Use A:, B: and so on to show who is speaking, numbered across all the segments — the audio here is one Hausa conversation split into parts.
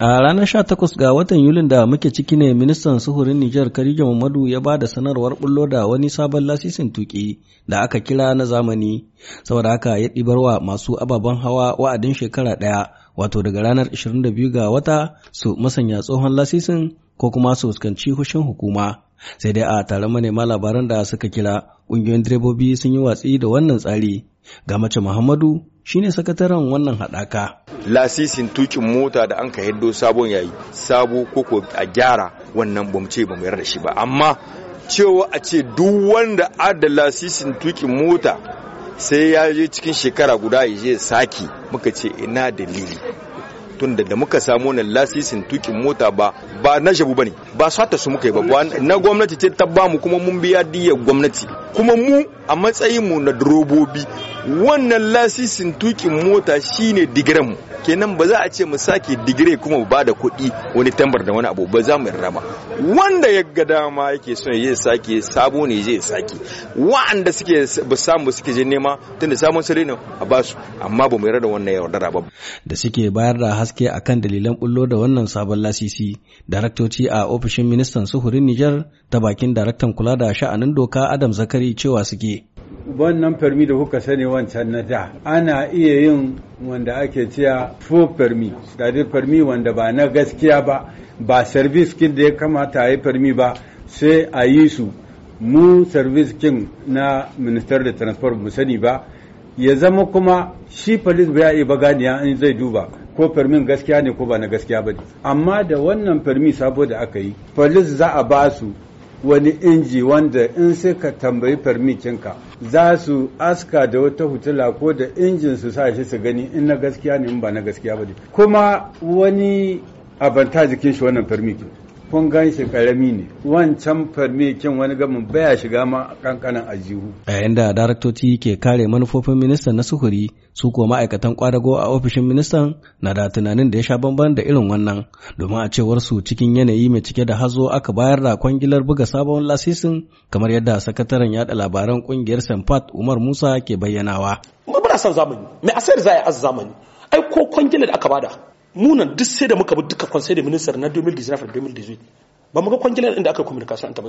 A: A ranar sha 18 ga watan Yulin da muke ciki ne ministan suhurin Nijar Karija Muhammadu ya ba da sanarwar bullo da wani sabon lasisin tuki da aka kira na zamani, saboda haka ya wa masu ababen hawa wa'adin shekara ɗaya, wato daga ranar 22 ga wata su masanya tsohon lasisin ko kuma su fuskanci hushin hukuma. Sai dai a taron manema labaran da suka kira, ƙungiyoyin direbobi sun yi watsi da wannan tsari. Ga mace Muhammadu shine sakataren wannan haɗaka.
B: Lasisin tukin mota da an ka hiddo sabon yayi sabo koko a gyara wannan ba mu ce ba mu yarda shi ba amma cewa a ce duk wanda adda lasisin tukin mota sai ya je cikin shekara guda ya je saki muka ce ina dalili tun da muka samu wannan lasisin tukin mota ba ba na shabu bane ba sata su muka yi ba na gwamnati ce ta bamu kuma mun biya diyar gwamnati kuma mu a matsayin mu na durobobi wannan lasisin tukin mota shine digiranmu kenan ba za a ce mu sake digire kuma ba da kuɗi wani tambar da wani abu ba za mu rama wanda ya ga dama yake son ya sake sabo ne zai sake wa'anda suke ba samu suke je nema tunda samun sare ne a basu amma ba mu yarda da wannan yaudara ba
A: da suke bayar da haske akan dalilan bullo da wannan sabon lasisi daraktoci a ofishin ministan suhurin Nijar ta bakin daraktan kula da sha'anin doka Adam Zakari cewa suke
C: wannan farmi da kuka sani wancan na da ana iya yin wanda ake cewa fo farmi dadir farmi wanda ba na gaskiya ba ba service kin da ya kamata a yi farmi ba sai a yi su mu service kin na minister da transport mu sani ba ya zama kuma shi police ba ya iya baganiya in zai duba ko farmin gaskiya ne ko ba na gaskiya ba ne amma da wannan farmi sabo da aka yi police za a ba su wani inji wanda in ka tambayi farmikinka za su aska da wata hutula ko da injin su sa shi su gani in na gaskiya ne in ba na gaskiya ba kuma wani abanta jikin shi wannan farmikin kun gan shi karami ne wancan kin wani gamin baya shiga ma kankanan ajihu
A: yayin da daraktoci ke kare manufofin ministan na sufuri su kuwa ma'aikatan kwadago a ofishin ministan na da tunanin da ya sha bamban da irin wannan domin a cewar su cikin yanayi mai cike da hazo aka bayar da kwangilar buga sabon lasisin kamar yadda sakataren yada labaran kungiyar Sanfat Umar Musa ke bayyanawa.
D: Muna son zamani, mai asayar za a zamani. Ai ko kwangilar da aka bada munan duk sai da muka bi duka conseil de minister na 2019 2018 ba mu ga kwangilar inda aka communication ta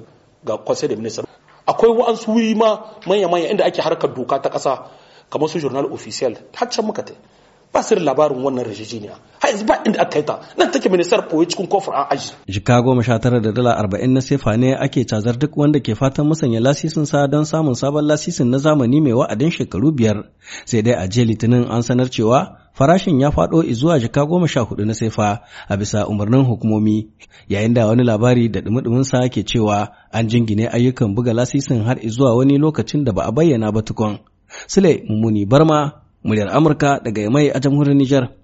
D: ga conseil de minister akwai wa'ansu wuri ma manya-manya inda ake harkar doka ta kasa kamar su journal official har muka ta ba su labarin wannan rajijiniya har yanzu ba inda aka kai ta nan take minisar koyi cikin kofar an aji.
A: jika goma tara da dala arba'in na sefa ne ake cazar duk wanda ke fatan musanya lasisin sa don samun sabon lasisin na zamani mai wa'adin shekaru biyar sai dai a jiya litinin an sanar cewa farashin ya faɗo zuwa jaka goma sha hudu na sefa a bisa umarnin hukumomi yayin da wani labari da dumi sa ke cewa an jingine ayyukan buga lasisin har zuwa wani lokacin da ba a bayyana ba tukun. Sule Mummuni Barma, muryar Amurka daga Yamai a jamhuriyar Nijar.